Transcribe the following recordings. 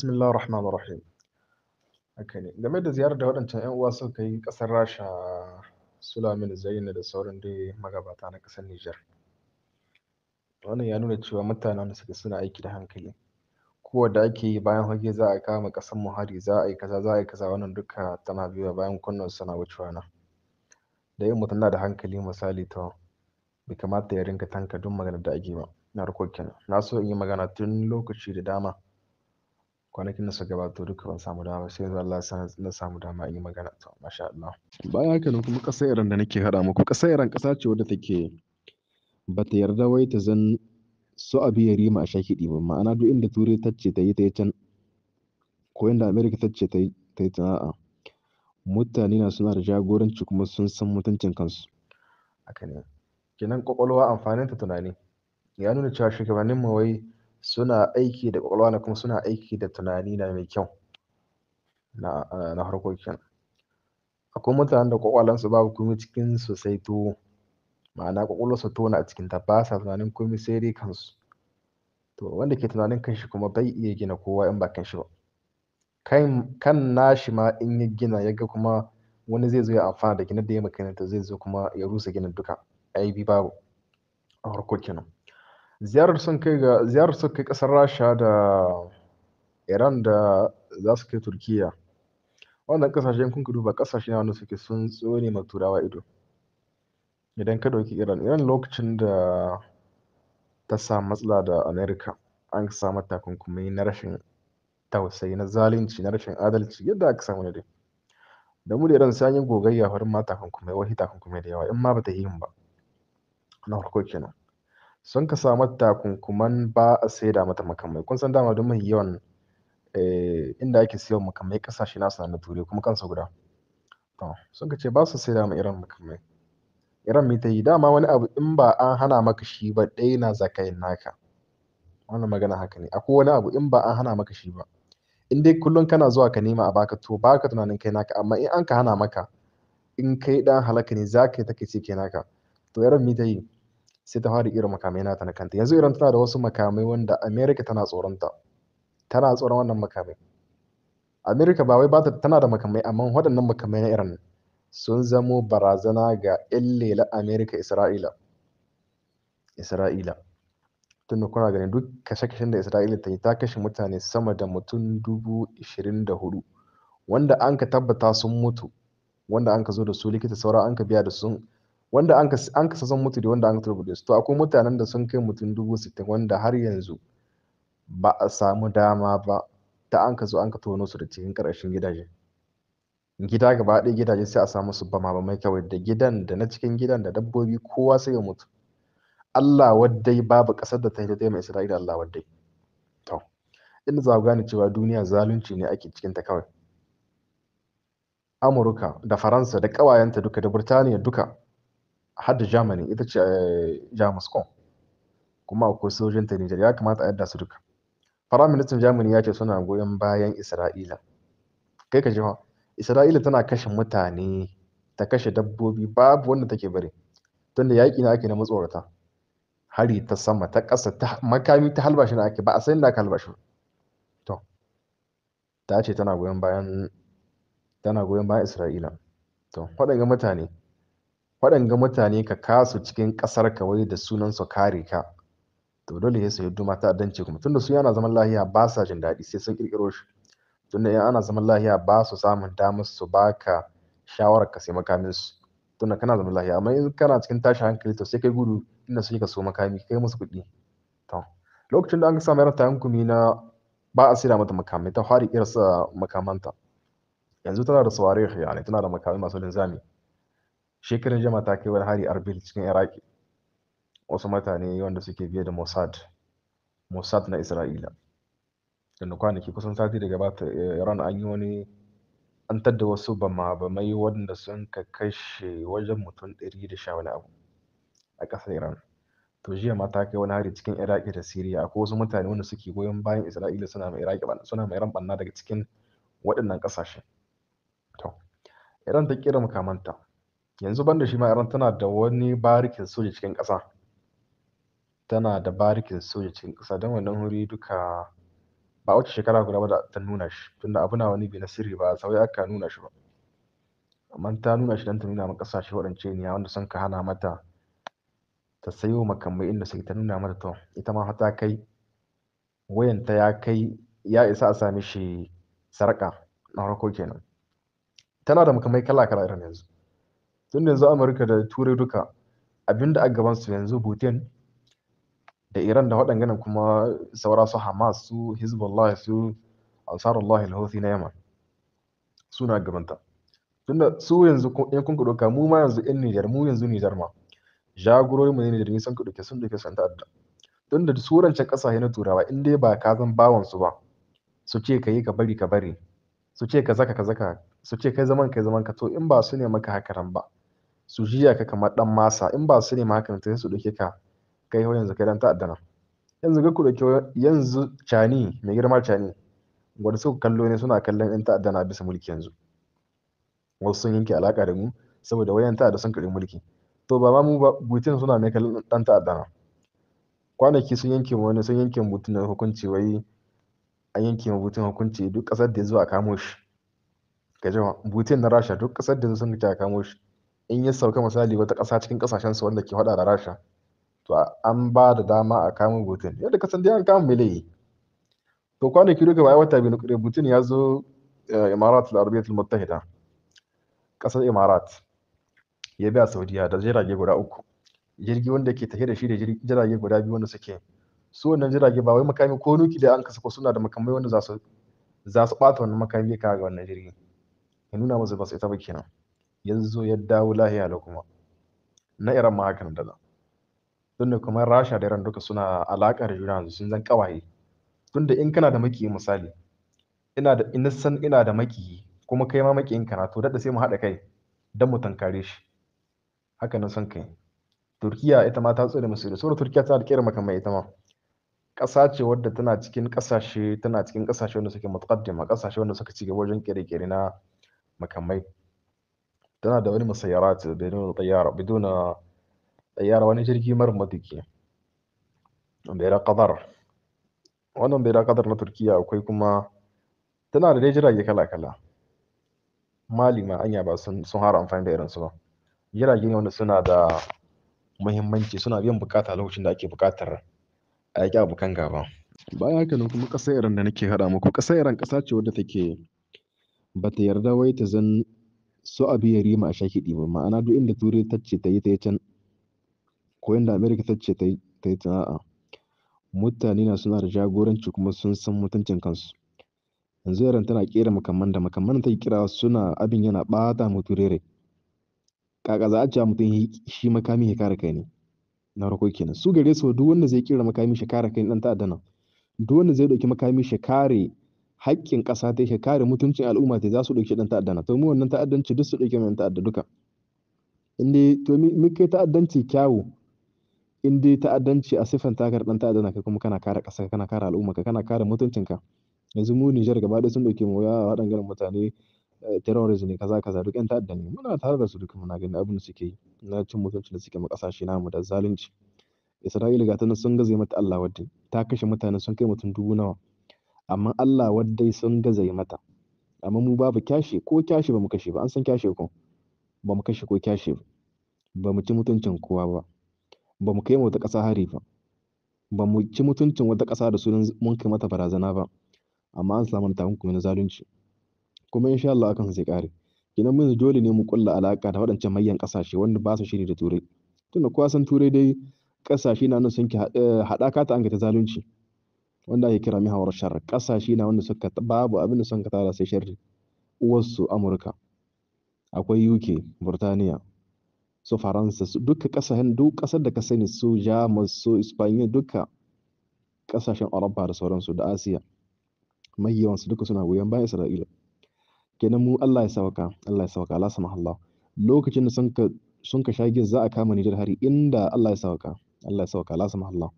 Bismillahir Rahim. Haka ne. Game da ziyarar da waɗancan ‘yan uwa suka kai ƙasar Rasha, Sulaiman Zaina da sauran dai magabata na ƙasar Nijar. Wannan ya nuna cewa mutanen da suka suna aiki da hankali. Kowanne ake yi bayan hage za a kama ƙasar mu za a yi kaza, za a yi kaza, wannan duka tana biyowa bayan kunnan suna wucewa na Da yin mutum na da hankali misali to bai kamata ya rinka tanka duk maganar da ake ba. Ina da Na so in yi magana tun lokaci da dama. kwanakin da suka gabata duka ban samu dama sai yanzu Allah ya na samu dama in yi magana to masha Allah bayan haka nan kuma kasar Iran da nake hada muku kasar Iran kasa ce wadda take ba ta yarda wai ta zan so abi yari rima a shakidi ba ma'ana duk inda turai ta ce ta yi ta yi can ko inda amerika ta ce ta yi ta mutane na suna da jagoranci kuma sun san mutuncin kansu haka ne kenan kwakwalwa amfanin ta tunani ya nuna cewa shugabannin mu wai suna aiki da ƙwaƙwalwa na kuma suna aiki da tunani na mai kyau na eh, harkokin akwai mutanen da ƙwaƙwalansu babu komai cikin su sai tuwo ma'ana ƙwaƙwalwarsu tona a cikin ta ba sa tunanin komai sai dai kansu to wanda ke tunanin kanshi kuma bai iya gina kowa in ba kanshi ba kan kan nashi ma in ya gina ya ga kuma wani zai zo ya amfana da gina da ya makaranta zai zo kuma ya rusa ginin duka aibi babu a harkokin nan ziyarar sun kai ga ziyarar sun kai kasar rasha da iran da za su kai turkiya wannan kasashe kun duba kasashe na wanda suke sun tsone ma turawa ido idan ka dauki iran iran lokacin da ta samu matsala da america an samu takunkumi na rashin tausayi na zalunci na rashin adalci yadda aka samu ne dai da mu da iran sai an yi gogayya farin ma takunkumai wani takunkumai da yawa in ma ba ta yi ba na farko kenan sun ka sa mata takunkuman ba a saida mata makamai kun san dama domin yawan eh, inda ake siyan makamai kasashe nasu na turai kuma kansa guda to sun ka ce ba su saida ma irin makamai irin mai yi dama wani abu in ba an hana maka shi ba ɗaya na zakayin naka wannan magana haka ne akwai wani abu in ba an hana maka shi ba in dai kullum kana zuwa ka nema a baka to baka tunanin kai naka amma in an ka hana maka in kai dan halaka ne za ka yi take ce kai naka to irin mita yi sai ta fara irin makamai nata na kanta yanzu iran tana da wasu makamai wanda america tana tsoronta tana tsoron wannan makamai america ba wai ba ta tana da makamai amma waɗannan makamai na iran sun zamo barazana ga yan lela america isra'ila isra'ila tun da kuna ganin duk kashe-kashen da isra'ila ta yi ta kashe mutane sama da mutum dubu ishirin da hudu wanda an ka tabbata sun mutu wanda an ka zo da su likita saura an ka biya da sun wanda an kasa san mutu da wanda an ka da su to akwai mutanen da sun kai mutum dubu sittin wanda har yanzu ba a samu dama ba ta an ka zo an ka tono su da cikin karashin gidaje gida gaba ɗaya gidaje sai a samu su bama ba mai kawai da gidan da na cikin gidan da dabbobi kowa sai ya mutu Allah waddai babu ƙasar da ta yi mai Isra'ila Allah waddai to inda za ku gane cewa duniya zalunci ne ake cikin ta kawai Amurka da Faransa da ƙawayenta duka da Burtaniya duka har da Germany ita ce eh, Jamus ko kuma akwai sojojin ta Nijar ya kamata a yadda su duka Firaministan Germany ya ce suna goyon bayan Isra'ila kai ka ji fa Isra'ila tana kashe mutane ta kashe dabbobi babu wanda take bari tunda yaƙi na ake na matsorata hari ta sama ta ƙasa ta makami ta halbashi na ake ba a san inda aka halbashi to ta ce tana goyon bayan tana goyon bayan Isra'ila to ga mutane waɗanga mutane ka kasu cikin ƙasar ka wai da sunan su kare ka to dole sai su duma ta addance kuma tunda su yana zaman lahiya ba sa jin daɗi sai sun kirkiro shi tunda in ana zaman lahiya ba su samun damar su baka shawarar ka sai makamin su tunda kana zaman lahiya amma in kana cikin tashin hankali to sai kai gudu inda suke ka so makami kai musu kuɗi to lokacin da an ga mayar ta hankumi na ba a sira mata makamai ta fara kirsa makamanta yanzu tana da saurari ne tana da makamai masu linzami Shekarun jama ta kai wani hari arbil cikin iraki wasu mutane wanda suke biye da mossad mossad na isra'ila da kwanaki kusan sati da gabata eh, ran an yi wani an tadda wasu bama-bamai wanda sun ka kashe wajen mutum ɗari da sha wani abu a ƙasar iran to jiya ma ta kai wani hari cikin iraki da siriya ko wasu mutane wanda suke goyon bayan isra'ila suna mai iraki suna mai iran banna daga cikin waɗannan ƙasashen to iran ta kira makamanta yanzu banda shi ma Iran tana da wani barikin soja cikin ƙasa tana da barikin soja cikin ƙasa don wannan wuri duka ba wacce shekara guda ba da ta nuna shi tunda abu na wani bi na sirri ba sau aka nuna shi ba amma ta nuna shi don ta nuna ma ƙasashe waɗance ne wanda sun ka hana mata ta sayo makamai inda sai ta nuna mata to ita ma hata kai wayanta ya kai ya isa a sami shi sarƙa na harko kenan tana da makamai kala kala irin yanzu tun yanzu amurka da turai duka abinda a gaban su yanzu putin da iran da waɗannan kuma saura su hamas su hezbollah su ansarullah al-houthi na yaman suna gabanta tunda su yanzu in kun ɗauka mu ma yanzu in nijar mu yanzu nijar ma jagororin mu ne nijar sun ka ɗauke sun ɗauke sun ta'adda tunda da surancin ƙasashe na turawa in dai ba ka zan bawan su ba su ce ka yi ka bari ka bari su ce ka zaka ka zaka su ce kai zaman kai zaman ka to in ba su ne maka hakaran ba su jiya ka kamar ɗan masa in ba su ne ma hakan sai su dauke ka kai ho yanzu kai dan ta'adda yanzu ga ku dauke yanzu cani mai girma cani gwada suka kallo ne suna kallon in ta'adda bisa mulki yanzu wasu sun yanke alaka da mu saboda wayan ta'adda sun karɓi mulki to ba ma mu ba butin suna mai kallon ɗan ta'adda kwanaki sun yanke mu wani sun yanke mu butin hukunci wai an yanke mu butin hukunci duk ƙasar da ya zo a kamo shi jama na rasha duk ƙasar da ya zo sun a kamo shi in ya sauka misali wata ƙasa cikin ƙasashen su wanda ke faɗa da rasha to an ba da dama a kama Putin yadda ka san dai an kama Milayi to kwanaki duka bayan wata biyu Putin ya zo eh, Imarat al-Arabiyyah al-Muttahida ƙasar Imarat ya biya Saudiya da jirage guda uku jirgi wanda ke tafiya da shi da jirage guda biyu wanda suke su wannan jirage ba wai makami ko nuki da an kasa ko suna da makamai wanda za su za su ɓata wannan makami ka ga wannan jirgi ya nuna masa ba su ita ba kenan yanzu ya dawo lahiya da kuma na iran ma hakan da ne kuma rasha da iran duka suna alaƙa da juna sun zan tun tunda in kana da makiyi misali ina da in san ina da makiyi kuma kai ma makiyin kana to dadda sai mu haɗa kai don mu tankare shi haka nan son kai turkiya ita ma ta tsare musu da sura turkiya ta alƙira maka makamai ita ma ƙasa ce wadda tana cikin ƙasashe tana cikin ƙasashe wanda suke mutaqaddima ƙasashe wanda suka ci gaba wajen ƙere-ƙere na makamai tana da wani musayyarat بدون طيارة بدون tsayara wani jirgi mara matuki. wanda ya ƙadar wannan da ya ƙadar na Turkiyya akwai kuma tana da dai jirage kala-kala Mali ma anya ba sun hara amfani da irinsu ba jirage ne wanda suna da muhimmanci suna biyan buƙata lokacin da ake buƙatar a yaƙi abokan gaba bayan haka nan kuma ƙasa Iran da nake haɗa muku ƙasa Iran ƙasa ce wadda take ba ta yarda wai ta zan su abi ya rima a ɗi ba ma'ana duk inda turai ta ce ta yi ta yi can ko inda amerika ta ce ta yi ta mutane na suna da jagoranci kuma sun san mutuncin kansu yanzu yaran tana kera makamman da makamman ta kira suna abin yana bata mutu rere kaka za a cewa mutum shi makami ya kare kai ne na farko kenan su gare su duk wanda zai kera makami shi kare kai dan ta'adda nan duk wanda zai dauki makami shi kare haƙƙin ƙasa ta yake kare mutuncin al'umma ta za su ɗauki ɗan ta'adda na to mu wannan ta'addanci duk su ɗauki mai ta'adda duka inda to mu kai ta'addanci kyawu inda ta'addanci a siffan takar ɗan ta'adda na kai kuma kana kare ƙasa kana kare al'umma ka kana kare mutuncinka yanzu mu Nijar gaba ɗaya sun ɗauke mu ya waɗannan mutane eh, terrorism ne kaza kaza duk 'yan ta'adda ne muna tare da su duka muna ganin abin da suke yi na cin mutuncin da suke ma ƙasashe namu da zalunci Isra'ila ga ta sun gaza mata Allah wadda ta kashe mutane sun kai mutum dubu nawa amma Allah waddai sun gaza mata amma mu babu kyashe ko kyashe bamu kashe ba an san kyashe ko bamu kashe ko kyashe ba bamu ci mutuncin kowa ba bamu kai wata ƙasa hari ba bamu ci mutuncin wata ƙasa da sunan mun kai mata barazana ba amma an samu takunkumi na zalunci kuma insha Allah akan sai kare kina mun dole ne mu kulla alaka da waɗancan manyan ƙasashe wanda ba su shiri da turai tunda kowa san turai dai ƙasashe na nan sun ki eh, haɗaka ta an ta zalunci wanda ake kira mihawar shar kasashe na wanda suka babu abin da suka tara sai sharri uwarsu amurka akwai uk burtaniya su faransa su duka kasashen duk ƙasar da ka sani su jamus su ispaniya duka ƙasashen oropa da sauransu da asiya mai su duka suna goyon bayan isra'ila kenan mu allah ya sauka allah ya sauka allah sama allah lokacin da sun ka shagin za a kama nijar hari inda allah ya sauka allah ya sauka allah sama allah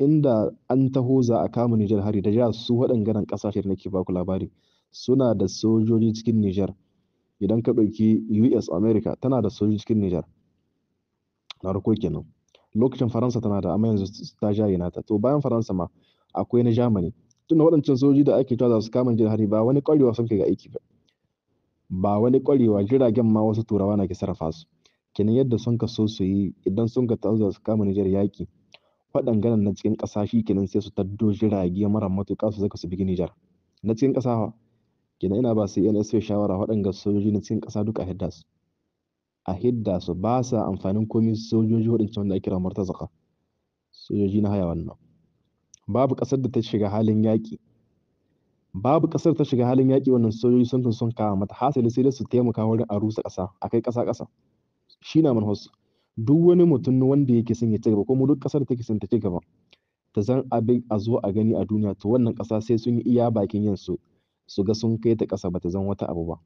inda an taho za a kama Nijar hari da jihar su waɗannan ƙasashe da nake baku labari suna da sojoji cikin Nijar idan ka ɗauki US America tana da sojoji cikin Nijar na farko kenan lokacin Faransa tana da amma yanzu ta jaye nata to bayan Faransa ma akwai na Germany tunda waɗancan sojoji da ake tawa za su kama Nijar hari ba wani ƙwarewa sun kai ga aiki ba ba wani ƙwarewa jiragen ma wasu turawa na ke sarrafa su kenan yadda sun ka so su yi idan sun ka tazo su kama Nijar yaki. faɗan ganin na cikin ƙasa shi kenan sai su taddo jirage mara matuƙa su zaka su bigi Nijar na cikin ƙasa kenan ina ba sai NSA shawara waɗanga sojoji na cikin ƙasa duka a hidda su a hidda su ba sa amfanin komi sojoji waɗancan wanda ake kira martazaka sojoji na haya wannan babu ƙasar da ta shiga halin yaƙi babu ƙasar ta shiga halin yaƙi wannan sojoji sun sun kama mata hasali sai dai su taimaka wurin a rusa ƙasa a kai ƙasa ƙasa shi na manhajarsu duk wani mutum wanda yake son ya ci gaba kuma duk kasar take son ta ci gaba ta zan abin a zo a gani a duniya to wannan kasa sai sun yi iya bakin yin su su ga sun kai ta kasa ta zan wata abu ba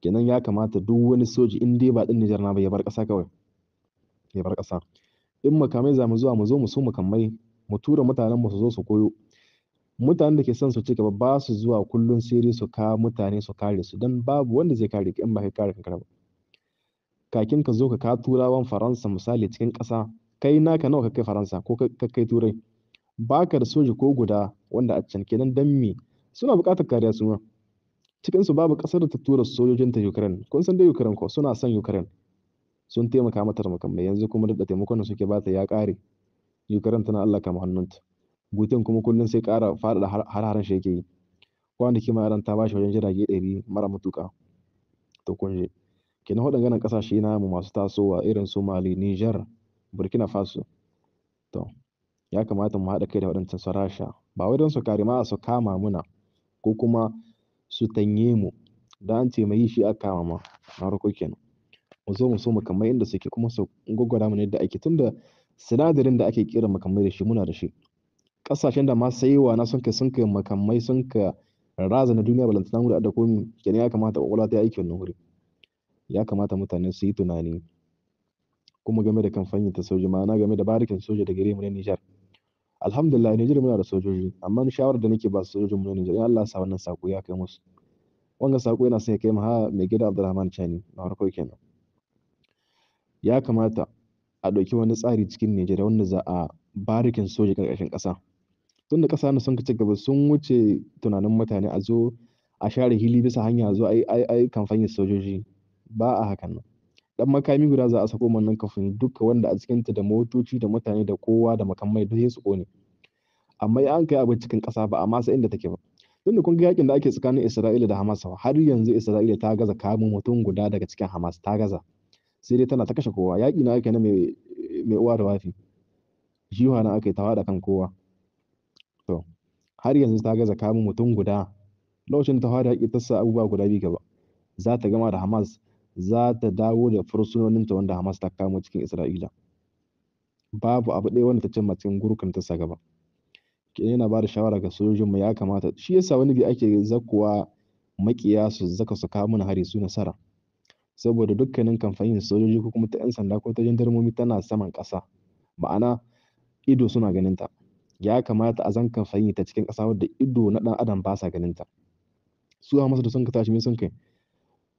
kenan ya kamata duk wani soji in dai ba din Nijar na ba ya bar kasa kawai ya bar kasa in makamai za mu zuwa mu zo mu so makamai mu tura mutanen mu su zo su koyo mutanen da ke son su ci gaba ba su zuwa kullun sai su ka mutane su kare su dan babu wanda zai kare ka in ba kai kare kanka ba kakin ka zo ka ka turawan faransa misali cikin ƙasa kai naka nawa ka kai faransa ko ka kai turai baka da soja ko guda wanda a can kenan dan me suna buƙatar kariya ma cikin su babu ƙasar da ta tura sojojin ta Ukraine kun san dai Ukraine ko suna son Ukraine sun taimaka mata da makamai yanzu kuma da taimakon da suke bata ya ƙare Ukraine tana Allah kama hannunta Putin kuma kullum sai kara faɗaɗa har-haren shi yake yi kwanaki ma ta bashi wajen jirage ɗari mara matuƙa to kun je kenan waɗannan ƙasashe mu masu tasowa irin su mali niger burkina faso to ya kamata mu haɗa kai da waɗancan su rasha ba wai don su kare ma su kama muna ko kuma su tanye mu da an ce mai shi a kama ma na harko kenan mu zo mu so makamai inda suke kuma su gwagwara mu yadda ake tunda sinadarin da ake kira makamai da shi muna da shi kasashen da ma sayewa na sun kai sun kai makamai sun ka raza na duniya balantana mu da komi kenan ya kamata ƙwaƙwalwa ta yi aiki wannan ya kamata mutane su yi tunani kuma game da kamfanin ta soja ma'ana game da barikin soja da gare mu na Nijar alhamdulillah Nijar muna da sojoji amma shawarar da nake ba sojojin mu na Nijar in Allah ya sa wannan sako ya kai musu wannan sako yana son ya kai ha mai gida Abdulrahman Chani na farko kenan ya kamata a ɗauki wani tsari cikin Nijar wanda za a barikin soja ƙarƙashin ƙasa tun da ƙasa na sun ci gaba sun wuce tunanin mutane a zo a share hili bisa hanya zo a yi kamfanin sojoji ba a hakan nan dan makami guda za a sako wannan kafin duka wanda a cikinta da motoci da mutane da kowa da makamai duk sai su kone amma an kai abin cikin ƙasa ba amma sai inda take ba tunda kun ga yakin da ake tsakanin Isra'ila da Hamas har yanzu Isra'ila ta gaza kamu mutum guda daga cikin Hamas ta gaza sai dai tana ta kashe kowa yaki na ake na mai mai uwa da wafi jiwa na aka yi tawa da kan kowa to har yanzu ta gaza kamu mutum guda lokacin ta fara yaki ta sa abubuwa guda biyu gaba za ta gama da Hamas za ta dawo da fursunoninta wanda Hamas ta kamo cikin Isra'ila. Babu abu ɗaya wanda ta cimma cikin gurkan ta gaba. Ke yana ba da shawara ga sojojinmu ya kamata shi yasa wani bi ake zakuwa makiya su zaka su kawo mana hari su nasara. Saboda dukkanin kamfanin sojoji ko kuma ta 'yan sanda ko ta jandarmomi tana saman ƙasa. Ma'ana ido suna ganinta. Ya kamata a zankan ta cikin ƙasa wadda ido na ɗan adam ba sa ganinta. Su Hamas da sun ka tashi me sun kai?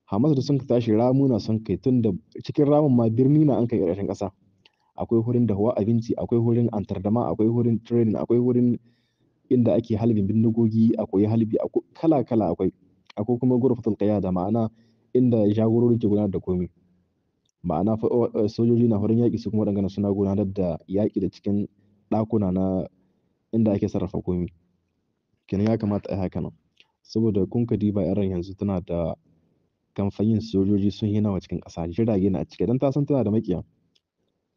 Hamas da sun ka tashi ramuna sun kai tun da cikin ramun ma birni na an kai ƙarƙashin ƙasa. Akwai wurin dahuwa abinci, akwai wurin antardama, akwai wurin training, akwai wurin inda ake halbin bindigogi, akwai halbi, kala-kala akwai. Akwai kuma gurfatul qiyada ma'ana inda jagorori ke gudanar da komai. Ma'ana sojoji na wurin yaƙi su kuma dangana suna gudanar da yaƙi da cikin ɗakuna na inda ake sarrafa komai. Kenan ya kamata a yi haka nan. Saboda kun ka diba Iran yanzu tana da kamfanin sojoji sun yi nawa cikin ƙasa jirage na cike don ta san tana da maƙiya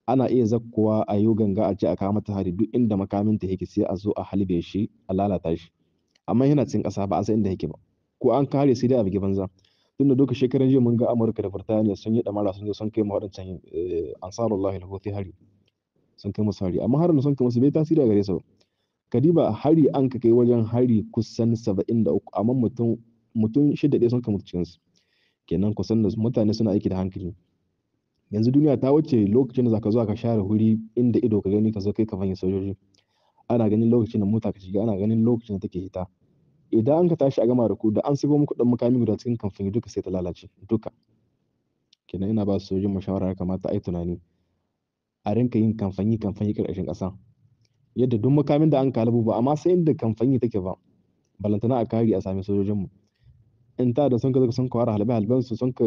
ana iya zakkowa a yi ganga a ce a kama ta hari duk inda makamin ta yake sai a zo a halbe shi a lalata shi amma yana cikin ƙasa ba a san inda yake ba ko an kare sai dai a bugi banza da duka shekaran jiya mun ga Amurka da Burtaniya sun yi damara sun zo sun kai ma waɗancan eh, ansarullahi al-houthi hari sun kai musu hari amma harin da sun kai musu bai tasiri a gare su kadiba hari an ka kai wajen hari kusan 73 amma mutum mutum shida ɗaya sun kai mutu cikinsu kenan kusan da mutane suna aiki da hankali yanzu duniya ta wuce lokacin da zaka zo ka share huri inda ido ka gani ka zo kai ka fahimci sojoji ana ganin lokacin da mota ka shiga ana ganin lokacin da take hita idan an ka tashi a gama da ku da an sigo muku dan makami guda cikin kamfani duka sai ta lalace duka kenan ina ba su sojin mashawara ya kamata a yi tunani a rinka yin kamfani kamfani karkashin ƙasa yadda duk makamin da an kalabu ba amma sai inda kamfani take ba balantana a kari a sami sojojinmu inta da sun ka zaka sun ka wara halbe halben su sun ka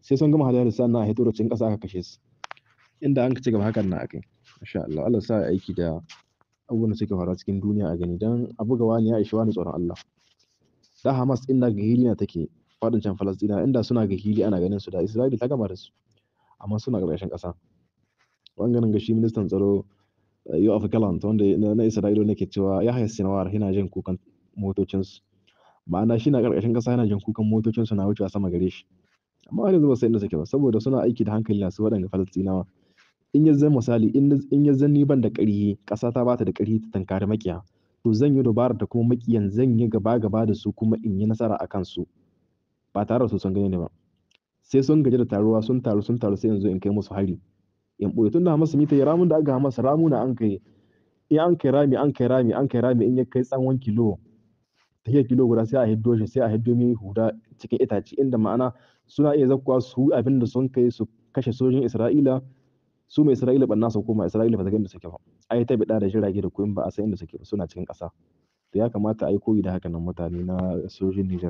sai sun gama halbe halben na a hito da cikin ƙasa aka kashe su inda an ka ci gaba hakan na akai insha Allah Allah sa aiki da abubuwan da suke faruwa cikin duniya a gani dan abu ga wani ya ishi wani tsoron Allah da Hamas inda ga hili na take fadin can Falastina inda suna ga hili ana ganin su da Isra'ila ta gama da su amma suna ƙarƙashin ƙasa bangaren ga shi ministan tsaro yau Africa Land wanda na Isra'ila nake cewa ya haya sinawar yana jin kukan motocinsu ma'ana shi na ƙarƙashin ƙasa yana jin kukan motocin su na wucewa sama gare shi amma har yanzu ba sai inda suke ba saboda suna aiki da hankali na su waɗanda falastinawa in ya zan misali in ya zan ban da ƙarhi ƙasa ta bata da ƙarhi ta tankari makiya to zan yi dubara da kuma makiyan zan yi gaba gaba da su kuma in yi nasara a kansu ba tare da su sun gani ne ba sai sun gaji da taruwa sun taru sun taru sai yanzu in kai musu hari in ɓoye tun da hamas mita ya ramun da aka masa ramu na an kai in an kai rami an kai rami an kai rami in ya kai tsawon kilo tahiyar kilo guda sai a hiddo shi sai a hiddo mai huda cikin itace inda ma'ana suna iya zakkuwa su abin da sun kai su kashe sojin Isra'ila su mai Isra'ila ban su koma Isra'ila ba ta ganda suke ba ai ta bida da jirage da koyin ba a san inda suke ba suna cikin ƙasa to ya kamata a yi koyi da hakanan mutane na sojin Niger